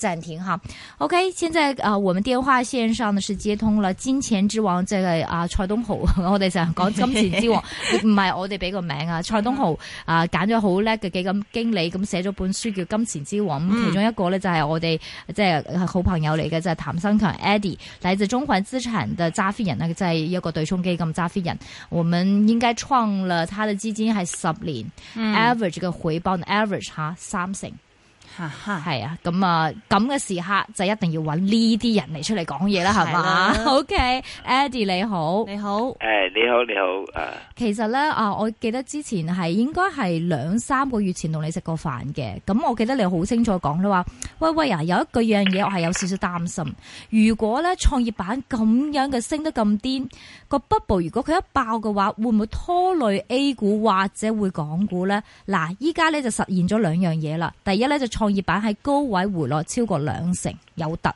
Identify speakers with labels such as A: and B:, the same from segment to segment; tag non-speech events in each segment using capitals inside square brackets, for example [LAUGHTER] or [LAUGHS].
A: 暫停哈，OK，現在啊、呃，我們電話線上呢是接通了金錢之王，這個啊、呃、蔡東豪，我哋成日講金錢之王，唔 [LAUGHS] 係我哋俾個名啊，蔡東豪啊揀咗好叻嘅基金經理咁寫咗本書叫《金錢之王》，嗯、其中一個咧就係、是、我哋即係好朋友嚟嘅，就係、是、譚新強 Eddie，來自中環資產嘅揸 fit 人啊，即、就、係、是、一個對沖基金揸 fit 人，我們應該創了他的基金係十年、嗯、average 嘅回報，average 哈三成。啊係啊，咁啊，咁嘅時刻就一定要揾呢啲人嚟出嚟講嘢啦，係嘛？OK，Eddie 你好，你好，
B: 誒你好你好，
A: 誒，其實咧啊，我記得之前係應該係兩三個月前同你食過飯嘅，咁我記得你好清楚講你話，喂喂啊，有一句樣嘢我係有少少擔心，如果咧創業板咁樣嘅升得咁癲，個 bubble 如果佢一爆嘅話，會唔會拖累 A 股或者會港股咧？嗱，依家咧就實現咗兩樣嘢啦，第一咧就創。業板喺高位回落超過兩成，有突。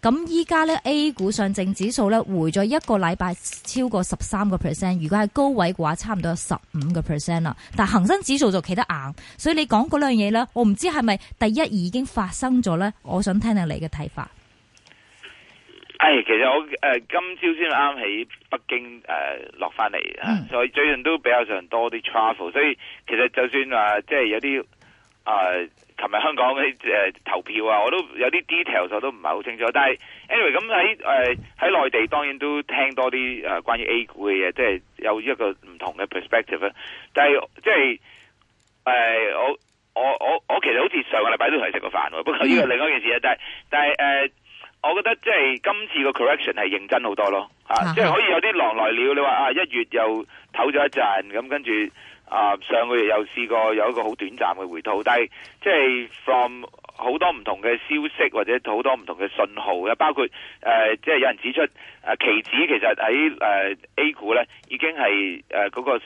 A: 咁依家咧 A 股上證指數咧，回咗一個禮拜超過十三個 percent。如果係高位嘅話，差唔多有十五個 percent 啦。但恒生指數就企得硬，所以你講嗰樣嘢咧，我唔知係咪第一已經發生咗咧。我想聽下你嘅睇法。
B: 誒，其實我誒今朝先啱喺北京誒、呃、落翻嚟，我、嗯、最近都比較上多啲 travel，所以其實就算話即係有啲。啊、呃！琴日香港嗰啲誒投票啊，我都有啲 details，我都唔係好清楚。但係 anyway，咁喺誒喺內地當然都聽多啲誒、呃、關於 A 股嘅嘢，即係有一個唔同嘅 perspective 啦、啊。但係即係誒、呃、我我我我其實好似上個禮拜都同你食過飯喎、啊，不過呢個另一件事啊。但係但係誒、呃，我覺得即係今次個 correction 係認真好多咯嚇、啊啊啊啊，即係可以有啲狼來了。你話啊，一月又唞咗一陣，咁跟住。啊，上個月有試過有一個好短暫嘅回吐，但係即係 from 好多唔同嘅消息或者好多唔同嘅信號，包括誒，即、呃、係、就是、有人指出，啊、呃、期指其實喺、呃、A 股咧已經係誒嗰個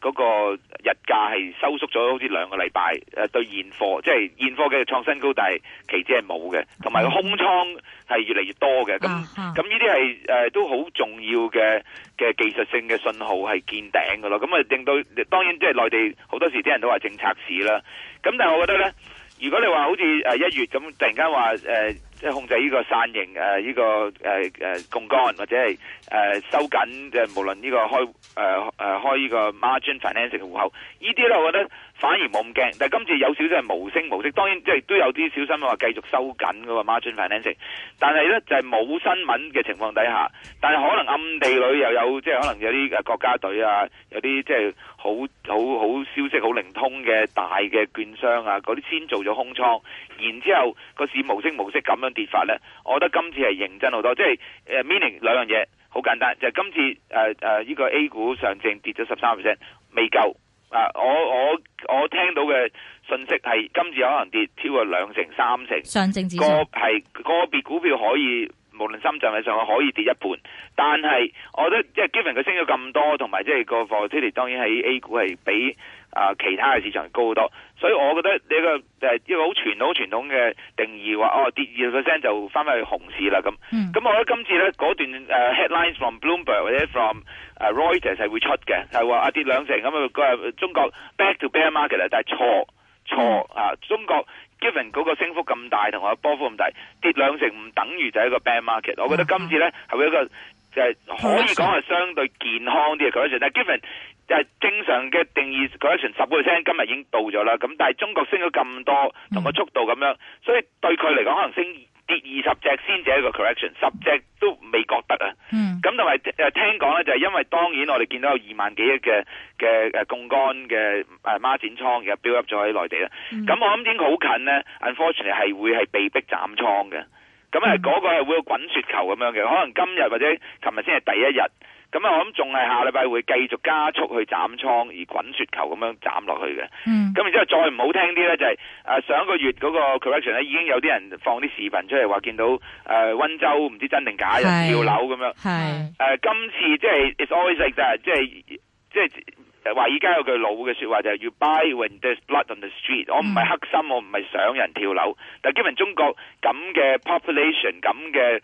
B: 嗰、那個日價係收縮咗，好似兩個禮拜。對現貨，即、就、係、是、現貨嘅創新高，但係期指係冇嘅，同埋空倉係越嚟越多嘅。咁咁呢啲係誒都好重要嘅嘅技術性嘅信號係見頂㗎咯。咁啊，令到當然即係內地好多時啲人都話政策市啦。咁但係我覺得咧，如果你話好似誒一月咁，突然間話誒。呃即係控制呢個散型誒呢個誒誒槓桿，或者係誒收緊即係無論呢個開誒誒開呢個 margin financing 嘅戶口，呢啲咧我覺得反而冇咁驚。但係今次有少少係無聲無息，當然即係都有啲小心話繼續收緊嗰個 margin financing。但係咧就係冇新聞嘅情況底下，但係可能暗地裏又有即係可能有啲誒國家隊啊，有啲即係好好好消息好靈通嘅大嘅券商啊，嗰啲先做咗空倉，然之後個市無聲無息咁樣。跌法咧，我覺得今次係認真好多，即係誒 meaning 兩樣嘢，好簡單，就係、是、今次誒誒呢個 A 股上證跌咗十三 percent，未夠啊！我我我聽到嘅信息係今次可能跌超過兩成、三成，上證指數係個,個別股票可以。無論深圳或上海可以跌一半，但係我覺得即係 given 佢升咗咁多，同埋即係個 vol 當然喺 A 股係比啊、呃、其他嘅市場高好多，所以我覺得呢、呢個誒、就係、一個好傳好傳統嘅定義話哦跌二十 percent 就翻返去熊市啦咁。咁、嗯、我覺得今次咧嗰段誒 headlines from Bloomberg 或者 from 啊、uh, Reuters 係會出嘅，係話啊跌兩成咁啊中國 back to bear market 但係錯錯、嗯、啊中國。Given 嗰個升幅咁大，同埋波幅咁大，跌兩成唔等於就一個 bad market。我覺得今次咧係一個就係、是、可以講係相對健康啲嘅 collection 但係 Given 誒正常嘅定義 collection 十 percent 今日已經到咗啦。咁但係中國升咗咁多，同個速度咁樣，所以對佢嚟講可能升。跌二十隻先至一個 correction，十隻都未覺得啊。咁同埋，誒，聽講咧，就係、是、因為，當然我哋見到有二萬幾億嘅嘅誒，槓桿嘅誒孖展倉嘅飚入咗喺內地啦。咁我諗已經好、mm. 近咧、mm.，unfortunately 係會係被逼斬倉嘅。咁誒，嗰個係會有滾雪球咁樣嘅，可能今日或者琴日先係第一日。咁、嗯、啊，我諗仲係下禮拜會繼續加速去斬倉，而滾雪球咁樣斬落去嘅。咁、嗯、然之後再唔好聽啲咧，就係、是、誒上一個月嗰個 correction 咧，已經有啲人放啲視頻出嚟，話見到誒、呃、温州唔知真定假又跳樓咁樣。誒、嗯呃，今次即係 it's always like that 即係即係話，而家有句老嘅說話就係、是、You buy when there's blood on the street。我唔係黑心，我唔係想人跳樓，但基本中國咁嘅 population 咁嘅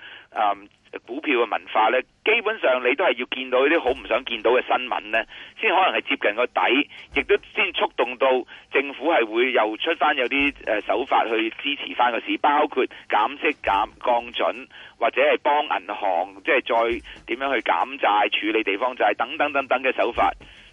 B: 股票嘅文化呢，基本上你都係要見到一啲好唔想見到嘅新聞呢，先可能係接近個底，亦都先觸動到政府係會又出翻有啲誒手法去支持翻個市，包括減息、減降準或者係幫銀行即係、就是、再點樣去減債處理地方債等等等等嘅手法。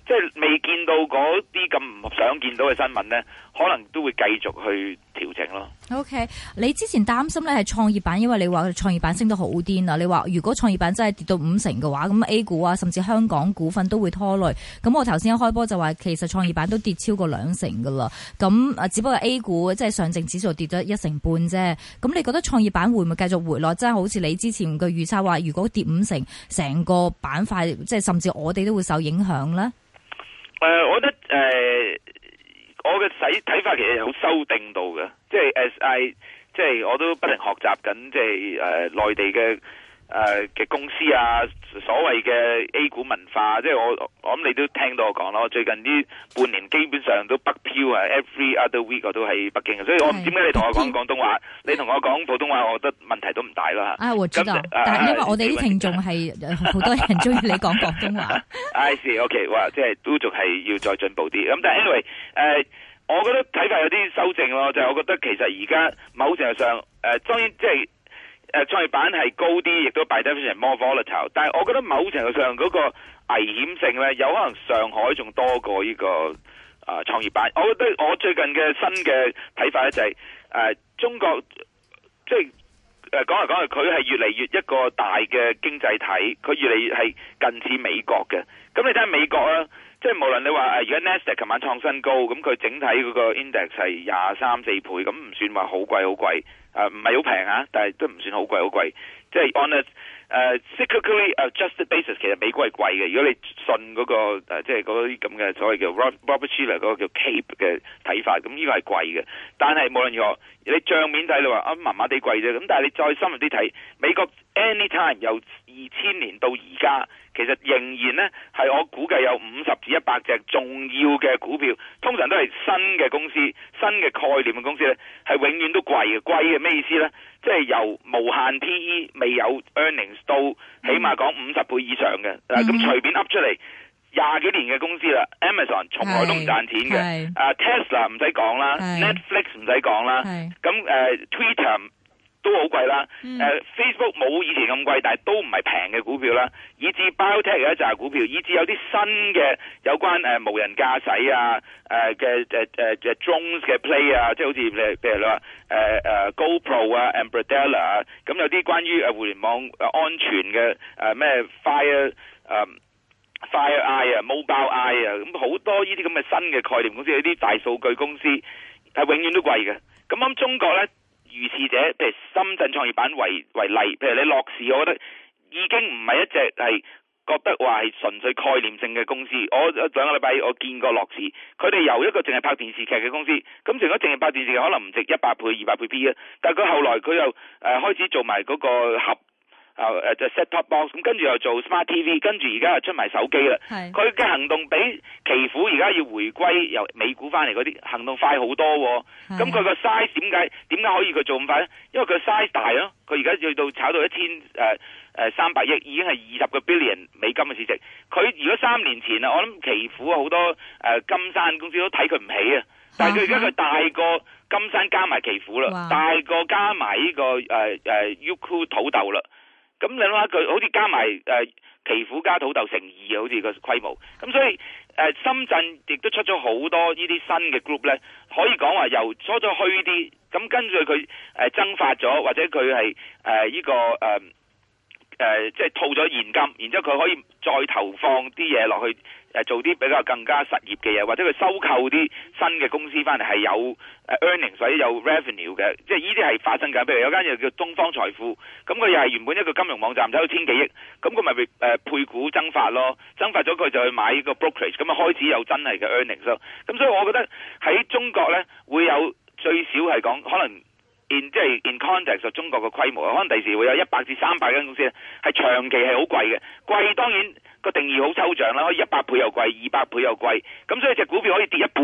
B: 即、就、係、是、未見到嗰啲咁唔想見到嘅新聞呢，可能都會繼續去調整咯。
A: OK，你之前擔心咧，係創業板，因為你話創業板升得好癲啦，你話如果創業板真係跌到五成嘅話，咁 A 股啊甚至香港股份都會拖累。咁我頭先一開波就話，其實創業板都跌超過兩成噶啦。咁啊，只不過 A 股即係、就是、上證指數跌咗一成半啫。咁你覺得創業板會唔會繼續回落？即係好似你之前嘅預測話，如果跌五成，成個板塊即係甚至我哋都會受影響咧？
B: 誒、uh，我覺得誒。Uh... 我嘅使睇法其實好修訂到嘅，即係 as I，即係我都不停學習緊，即係誒內地嘅。誒、呃、嘅公司啊，所謂嘅 A 股文化，即係我，我諗你都聽到我講咯。最近呢半年基本上都北漂啊，every other week 我都喺北京，所以我唔知點解你同我講廣東話？你同我講普通話，我覺得問題都唔大啦吓、啊。我知道，嗯、但係、啊、因為我哋啲聽
A: 眾係好多人中意你講廣東
B: 話。 [LAUGHS] I see, OK，哇，即係都仲係要再進步啲。咁但係 anyway，誒、呃，我覺得睇法有啲修正咯，就係、是、我覺得其實而家某程度上，誒、呃，當然即、就、係、是。誒創業板係高啲，亦都 by definition more volatile，但係我覺得某程度上嗰個危險性咧，有可能上海仲多過呢個啊創業板。我覺得我最近嘅新嘅睇法咧就係誒中國即係誒講嚟講去，佢係越嚟越一個大嘅經濟體，佢越嚟越係近似美國嘅。咁你睇下美國啊，即係無論你話誒而家 Nasdaq 琴晚創新高，咁佢整體嗰個 index 係廿三四倍，咁唔算話好貴好貴。誒唔係好平啊，但係都唔算好貴好貴，即係 on a cyclically adjusted basis，其實美國係貴嘅。如果你信嗰、嗰個、呃、即係嗰啲咁嘅所謂叫 Robert Shiller 嗰個叫 Cape 嘅睇法，咁呢個係貴嘅。但係無論如何，你帳面睇你話啊麻麻地貴啫，咁但係你再深入啲睇美國。Anytime 由二千年到而家，其實仍然呢係我估計有五十至一百隻重要嘅股票，通常都係新嘅公司、新嘅概念嘅公司呢係永遠都貴嘅。貴嘅咩意思呢？即係由無限 PE 未有 earnings 到起碼講五十倍以上嘅。咁、嗯啊、隨便噏出嚟廿幾年嘅公司啦，Amazon 從來都唔賺錢嘅。Tesla 唔使講啦，Netflix 唔使講啦。咁、啊、Twitter 都好貴啦、嗯 uh，Facebook 冇以前咁貴，但係都唔係平嘅股票啦。以至 Biotech 嘅一扎股票，以至有啲新嘅有關、呃、無人駕駛啊，誒、呃、嘅誒、呃、誒 Drones、呃、嘅 Play 啊，即係好似譬如你話、呃呃、GoPro 啊，Ambarella 啊，咁有啲關於互聯網安全嘅咩、呃、Fire、呃、Fire Eye 啊，Mobile Eye 啊，咁好、啊、多呢啲咁嘅新嘅概念公司，有啲大數據公司係永遠都貴嘅。咁咁中國咧。如是者，譬如深圳創業板為為例，譬如你樂視，我覺得已經唔係一隻係覺得話係純粹概念性嘅公司。我上個禮拜我見過樂視，佢哋由一個淨係拍電視劇嘅公司，咁成日淨係拍電視劇，可能唔值一百倍、二百倍 B 嘅，但係佢後來佢又誒、呃、開始做埋嗰個合。啊！誒就 set top box，咁跟住又做 smart TV，跟住而家又出埋手機啦。佢嘅行動比奇虎而家要回歸由美股翻嚟嗰啲行動快好多、哦。咁佢個 size 點解點解可以佢做咁快咧？因為佢 size 大咯。佢而家要到炒到一千誒誒三百億，已經係二十個 billion 美金嘅市值。佢如果三年前啊，我諗奇虎好多、呃、金山公司都睇佢唔起啊。但係佢而家佢大過金山加埋奇虎啦，大過加埋呢、這個 Youku 土豆啦。咁你諗下，佢好似加埋誒奇虎加土豆成二啊，好似個規模。咁所以誒、呃、深圳亦都出咗好多呢啲新嘅 group 咧，可以講話由初初虛啲，咁跟住佢誒增發咗，或者佢係誒呢個誒。呃誒、呃，即係套咗現金，然之後佢可以再投放啲嘢落去，呃、做啲比較更加實業嘅嘢，或者佢收購啲新嘅公司翻嚟係有 earning，所以有 revenue 嘅，即係呢啲係發生緊。譬如有間嘢叫東方財富，咁佢又係原本一個金融網站，睇到千幾億，咁佢咪配股增發咯，增發咗佢就去買呢個 brokerage，咁啊開始有真係嘅 earning 咯。咁所以我覺得喺中國咧會有最少係講可能。即係 in context，中國嘅規模可能第時會有一百至三百間公司咧，係長期係好貴嘅，貴當然個定義好抽象啦，可以一百倍又貴，二百倍又貴，咁所以隻股票可以跌一半，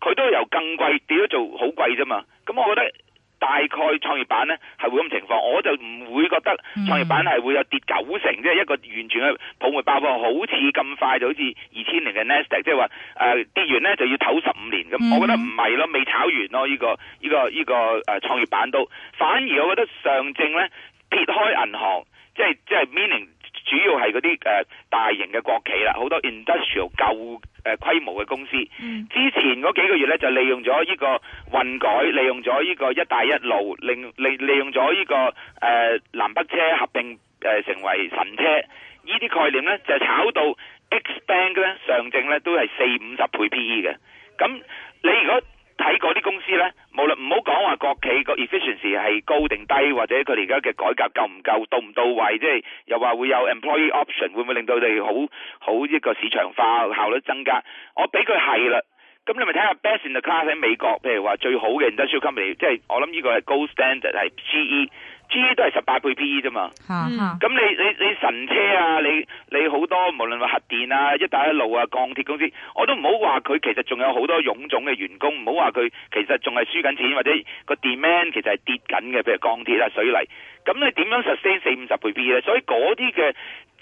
B: 佢都由更貴跌咗做好貴啫嘛，咁我覺得大概創業板咧係會咁情況，我就唔會覺得創業板係會有跌九成，即、mm. 係一個完全嘅。我話好似咁快就好似二千年嘅 Nasdaq，即係話誒跌完咧就要唞十五年咁，mm. 我覺得唔係咯，未炒完咯呢、這個呢、這個呢、這個、呃、創業板都，反而我覺得上證咧撇開銀行，即係即係 mining，主要係嗰啲大型嘅國企啦，好多 industrial 舊、呃、規模嘅公司，mm. 之前嗰幾個月咧就利用咗呢個混改，利用咗呢個一帶一路，令利利用咗呢、這個誒、呃、南北車合併誒成為神車，呢啲概念咧就炒到 x bank 咧，上證咧都係四五十倍 PE 嘅。咁你如果睇嗰啲公司咧，無論唔好講話國企個 efficiency 係高定低，或者佢哋而家嘅改革夠唔夠到唔到位，即係又話會有 employee option，會唔會令到你好好一個市場化效率增加？我俾佢係啦。咁你咪睇下 best in the class 喺美國，譬如話最好嘅 Industrial Company，即係我諗呢個係 gold standard 係 GE。G 都係十八倍 P E 啫嘛，咁、嗯、你你你神車啊，你你好多無論話核電啊、一帶一路啊、鋼鐵公司，我都唔好話佢其實仲有好多臃腫嘅員工，唔好話佢其實仲係輸緊錢，或者個 demand 其實係跌緊嘅，譬如鋼鐵啊、水泥，咁你點樣 sustain 四五十倍 PE 呢？所以嗰啲嘅。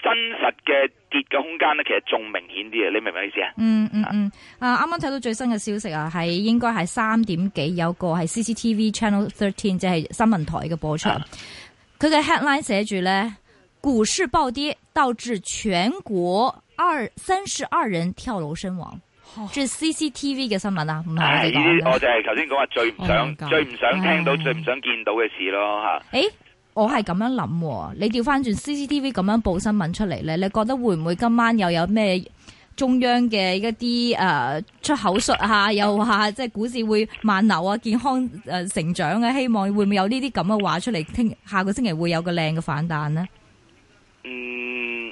B: 真實嘅跌嘅空間咧，其實仲明顯啲嘅，你明唔明意思啊？嗯嗯
A: 嗯，啊，啱啱睇到最新嘅消息啊，係應該係三點幾有個係 CCTV Channel Thirteen 即係新聞台嘅播出，佢嘅 headline 寫住咧，股市暴跌導致全國二三十二人跳樓身亡，係、哦、CCTV 嘅新聞啦、啊。係呢啲我哋係頭先講話最唔
B: 想、oh、最唔想聽到、哎哎哎最唔想見到嘅事咯，吓、
A: 哎。我係咁樣諗，你調翻轉 CCTV 咁樣報新聞出嚟咧，你覺得會唔會今晚又有咩中央嘅一啲、呃、出口術呀？又話即係股市會慢牛啊，健康、呃、成長呀，希望會唔會有呢啲咁嘅話出嚟？聽下個星期會有個靚嘅反彈呢？嗯，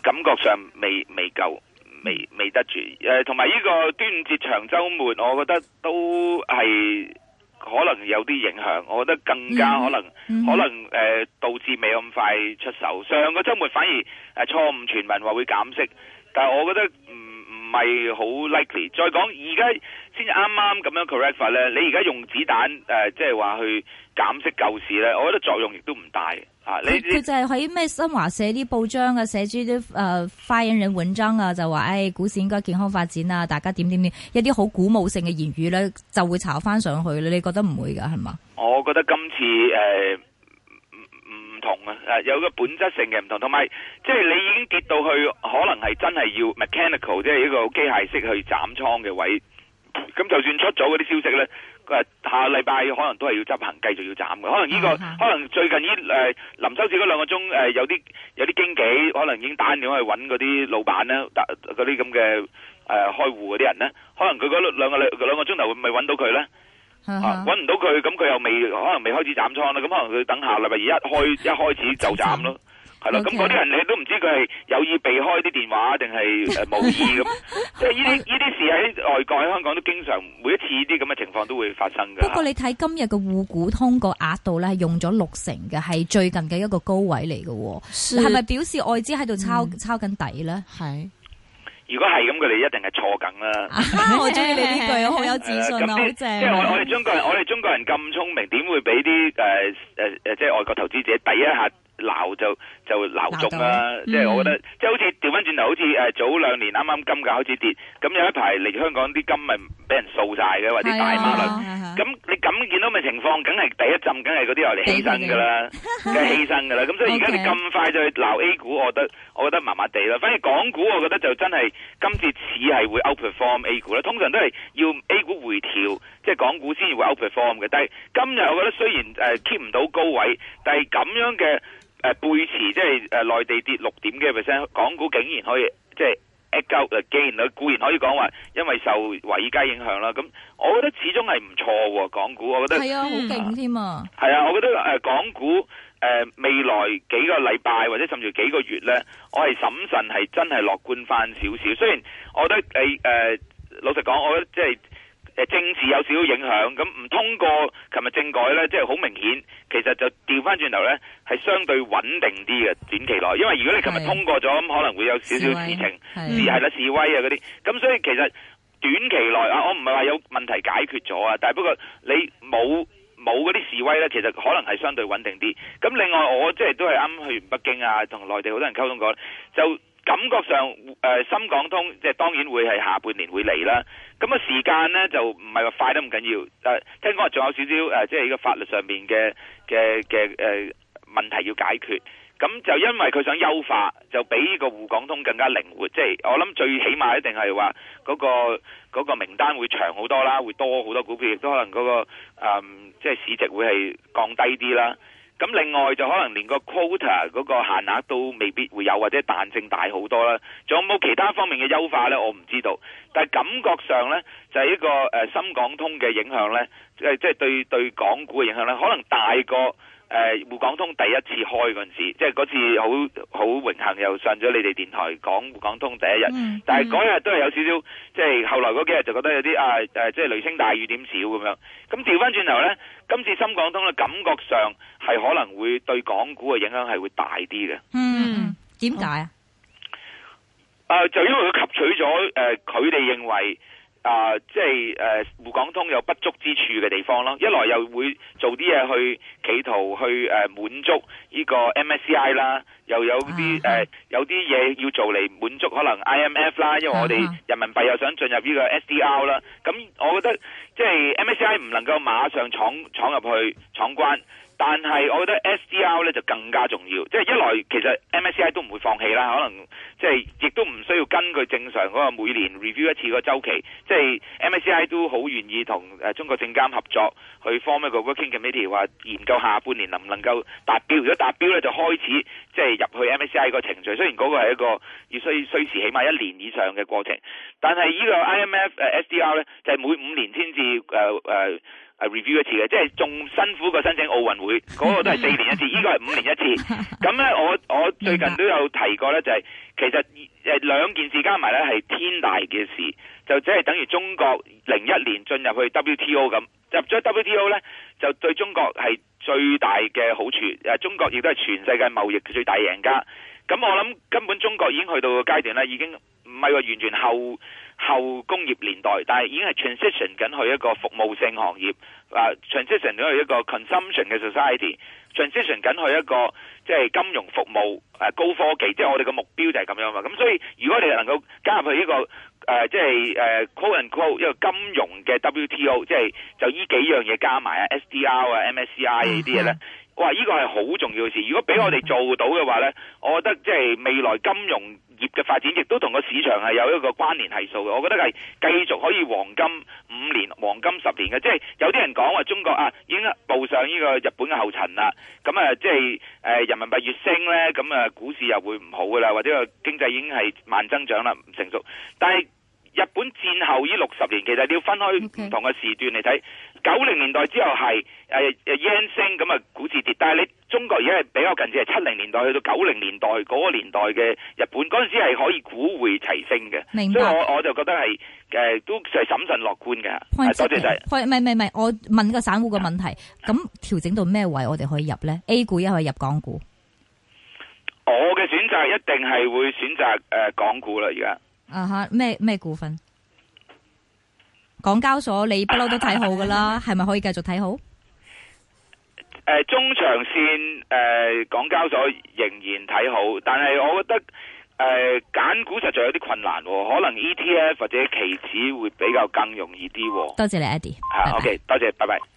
B: 感覺上未未夠，未未得住。呃、同埋呢個端午節長週末，我覺得都係。可能有啲影響，我覺得更加可能，mm -hmm. Mm -hmm. 可能誒、呃、導致未咁快出手。上個周末反而誒、啊、錯誤傳聞話會減息，但係我覺得。Mm -hmm. 唔係好 likely 再。再講而家先啱啱咁樣 correct 法咧，你而家用子彈、呃、即係話去減息救市咧，我覺得作用亦都唔大。佢、啊、佢就
A: 係喺咩新華社啲報章啊，寫住啲誒發言人文章啊，就話誒、哎、股市應該健康發展啊，大家點點點，一啲好鼓舞性嘅言語咧，就會炒翻上去咧。你覺得唔會㗎係嘛？
B: 我覺得今次、呃唔同啊，誒有個本質性嘅唔同，同埋即係你已經跌到去，可能係真係要 mechanical，即係一個機械式去斬倉嘅位。咁就算出咗嗰啲消息咧，誒下禮拜可能都係要執行，繼續要斬嘅。可能呢個， [LAUGHS] 可能最近呢，誒臨收市嗰兩個鐘、呃，有啲有啲經紀，可能已經打緊電話揾嗰啲老闆咧，嗰啲咁嘅誒開戶嗰啲人咧，可能佢嗰兩個兩兩個鐘頭會咪揾到佢咧。啊！搵唔到佢，咁佢又未可能未開始斬倉啦，咁可能佢等下啦，咪一開一開始就斬咯，係啦。咁嗰啲人你都唔知佢係有意避開啲電話定係誒冇意咁，即係呢啲呢啲事喺外國喺香港都經常，每一次呢啲咁嘅情況都會發生噶不過你
A: 睇今日嘅滬股通個額度咧，用咗六成嘅，係最近嘅一個高位嚟嘅，係咪表示外資喺度抄抄緊底咧？係。
B: 如果係咁，佢哋一定係錯緊啦、 [LAUGHS] 啊。我中意你呢句，好有自信啊，好 [LAUGHS] 正、啊嗯。即係我我哋中國人， [LAUGHS] 我哋中國人咁聰明，點會俾啲誒誒誒，即係外國投資者第一下鬧，就就鬧足啦。即係我覺得，嗯、即係好似。調翻轉頭，好似誒早兩年啱啱金價開始跌，咁有一排嚟香港啲金咪俾人掃晒嘅，或者大媽。咁你咁見到咪情況，梗係第一浸，梗係嗰啲我哋犧牲噶啦，梗係犧牲噶啦。咁所以而家你咁快就去鬧 A 股，我覺得我覺得麻麻地啦。反而港股我覺得就真係今次似係會 outperform A 股啦。通常都係要 A 股回調，即係港股先至會 outperform 嘅。但係今日我覺得雖然誒 keep 唔到高位，但係咁樣嘅。誒、呃，背馳即係誒，內、就是呃、地跌六點幾 percent，港股竟然可以即係 e t g o，既然佢固然可以講話，因為受華爾街影響啦，咁我覺得始終係唔錯，港股我覺得係啊，好勁
A: 添啊！係、呃、啊，我
B: 覺得誒、呃，港股誒、呃，未來幾個禮拜或者甚至幾幾個月咧，我係審慎係真係樂觀翻少少，雖然我覺得誒誒、呃，老實講，我覺得即、就、係、是。政治有少少影響，咁唔通過琴日政改呢，即係好明顯，其實就調翻轉頭呢，係相對穩定啲嘅短期內。因為如果你琴日通過咗，咁可能會有少少事情，示係啦示威啊嗰啲。咁所以其實短期內啊，我唔係話有問題解決咗啊，但係不過你冇冇嗰啲示威呢，其實可能係相對穩定啲。咁另外我即係都係啱啱去完北京啊，同內地好多人溝通過，就。感覺上誒、呃、深港通即係當然會係下半年會嚟啦，咁啊時間呢，就唔係話快得唔緊要，誒、啊、聽講仲有少少誒即係呢個法律上面嘅嘅嘅誒問題要解決，咁就因為佢想優化，就比呢個滬港通更加靈活，即係我諗最起碼一定係話嗰個嗰個名單會長好多啦，會多好多股票，亦都可能嗰、嗰個、嗯、即係市值會係降低啲啦。咁另外就可能連個 quota 嗰個限額都未必會有，或者彈性大好多啦。仲有冇其他方面嘅優化咧？我唔知道。但係感覺上咧，就係、是、一個誒、呃、深港通嘅影響咧，即係即係對對港股嘅影響咧，可能大過。誒、呃，滬港通第一次開嗰陣時，即係嗰次好好榮幸又上咗你哋電台講滬港通第一日，嗯嗯，但係嗰日都係有少少，即、就、係、是、後來嗰幾日就覺得有啲啊誒，即、啊、係、就是、雷聲大雨點小咁樣。咁調翻轉頭呢，今次深港通嘅感覺上係可能會對港股嘅影響係會大啲嘅。嗯，
A: 點解
B: 啊？啊、呃，就因為佢吸取咗誒，佢、呃、哋認為。啊、呃，即係誒，滬港通有不足之處嘅地方咯，一來又會做啲嘢去企圖去誒、呃、滿足呢個 MSCI 啦，又有啲誒、uh -huh. 呃、有啲嘢要做嚟滿足可能 IMF 啦，因為我哋人民幣又想進入呢個 SDR 啦，咁、uh -huh. 我覺得即係 MSCI 唔能夠馬上闖闖入去闖關。但係，我覺得 SDR 咧就更加重要。即係一來，其實 MSCI 都唔會放棄啦。可能即係亦都唔需要根據正常嗰個每年 review 一次個周期。即係 MSCI 都好願意同誒中國證監合作，去 form 一個 working committee 話研究下半年能唔能夠達標。如果達標咧，就開始即係入去 MSCI 個程序。雖然嗰個係一個要需需時，起碼一年以上嘅過程。但係呢個 IMF、uh, SDR 咧，就係每五年先至 uh, uh, 係 review 一次嘅，即係仲辛苦過申請奧運會嗰，那個都係四年一次，呢 [LAUGHS] 個係五年一次。咁咧，我我最近都有提過咧，就是，就係其實誒兩件事加埋咧係天大嘅事，就即係等於中國零一年進入去 WTO。咁入咗 WTO 咧，就對中國係最大嘅好處，誒中國亦都係全世界貿易最大贏家。咁我諗根本中國已經去到個階段咧，已經唔係話完全後。後工業年代，但係已經係 transition 緊去一個服務性行業，啊、uh, transition 咗去一個 consumption 嘅 society，transition 緊去一個即係、就是、金融服務、uh, 高科技，即、就、係、是、我哋嘅目標就係咁樣嘛。咁所以如果你能夠加入去呢個誒即係誒 quote unquote 一個金融嘅 WTO，即係就呢幾樣嘢加埋啊 SDR 啊，MSCI 呢啲嘢咧。哇！依個係好重要嘅事，如果俾我哋做到嘅話呢，我覺得即係未來金融業嘅發展，亦都同個市場係有一個關聯係數嘅。我覺得係繼續可以黃金五年、黃金十年嘅。即係有啲人講話中國啊，已經步上呢個日本嘅後塵啦。咁啊，即係人民幣越升呢，咁啊股市又會唔好噶啦，或者個經濟已經係慢增長啦，唔成熟。但係日本戰後呢，六十年，其實你要分開唔同嘅時段嚟睇。九零年代之後係誒誒 yen 升咁啊，股市跌。但係你中國而家係比較近似係七零年代去到九零年代嗰個年代嘅日本嗰陣時係可以股會齊升嘅。明白。所以我我就覺得係誒、呃、都係審慎樂觀嘅。Point、多謝晒。
A: 唔係唔係唔係，我問個散戶嘅問題。咁、yeah. 調整到咩位置我哋可以入咧？A 股一可以入港股？
B: 我嘅選擇一定係會選擇誒、呃、港股啦，而家。
A: 啊、uh、吓 -huh.，咩咩股份？港交所你看 [LAUGHS] 是不嬲都睇好㗎啦，係咪可以繼續睇好？
B: 誒，中長線誒、呃，港交所仍然睇好，但係我覺得誒揀、呃、股實在有啲困難，可能 E T F 或者期指會比較更容易啲。多謝你，Eddie。好、啊，OK，多謝，拜拜。